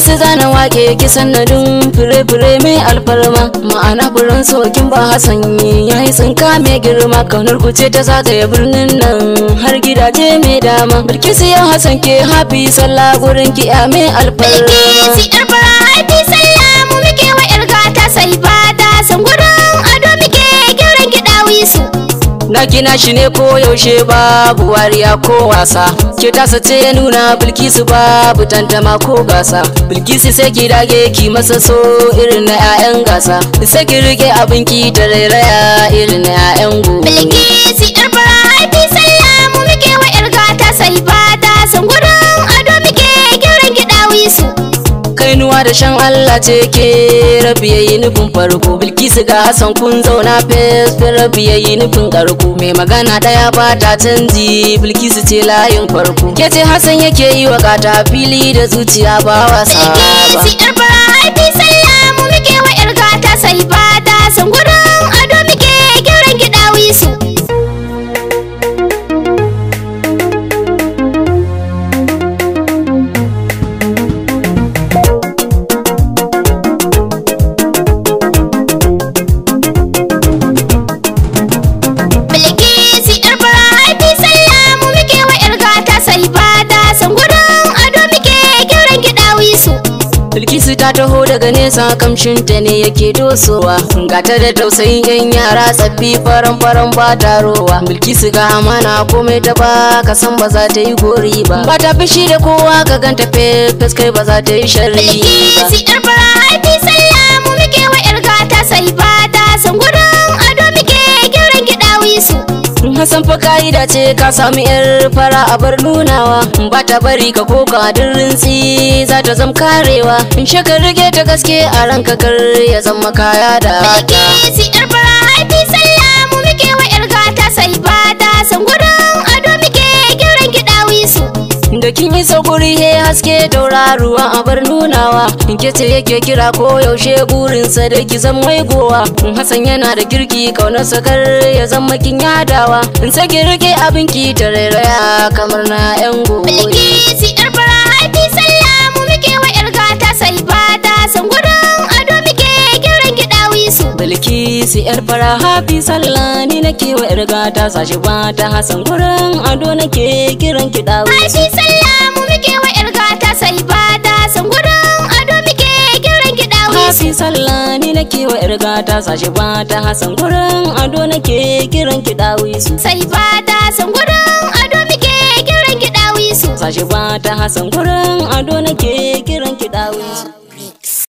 su zana wake ki sanadin fure-fure mai alfarma ma'ana furen sokin ba hasan ya yi tsinka mai girma kaunar kuce ce ta ya birnin nan har gidaje mai dama bilkisu yan hasan ke hafi sallah gurin kiya mai alfarma na gina shi ne ko yaushe babu wariya ko wasa ki tasa ce nuna bilkisu babu tantama ko gasa bilkisu sai ki dage ki masa so irin na 'ya'yan gasa sai ki rike abin ki da rairaya irin na 'ya'yan gobe bilkisu harshen Allah ce ke rabi yayi nufin farko bilkisu ga Hassan kun zauna fes rabi yayi nufin karko mai magana ɗaya ba ta canji bilkisu ce layin farko ke ce Hassan yake yi wa kata fili da zuciya ba wasa ba bilkisu ta taho daga nesa kamshinta ne yake dosowa gata da tausayin yan yara tsaffi faran faran ba tarowa bilkisu ga amana komai ta ba ka san ba za ta yi gori ba ba ta fishi da kowa ka ganta fes kai ba za ta yi sharri ba san fa ka'ida ce ka sami yar fara a bar nunawa ba ta bari ka koka da rintsi za ta zam karewa in shekar rige ta gaske a ranka kar ya zama kaya da ta. da kin yi saukuri he haske ruwa a bar nunawa ke ce yake kira ko yaushe burinsa da ki zan mai gowa hasan yana da kirki kaunar sakar ya zama kin yadawa in sa ki rike abin ki ta rairaya kamar na yan gobe bilki si yar fara haifi sallamu muke wa yar gata salbata san gurin ado muke kiran ki dawi su bilki si yar fara haifi sallani nake wa yar gata sashi bata hasan gurin ado nake kiran ki dawi su Si salla sallah ni nake wa yar gata sashi ba ta hasan gurin ado nake kiran ki dawi su sai ba ta hasan gurin ado muke kiran ki dawi su sashi ba ta hasan gurin ado nake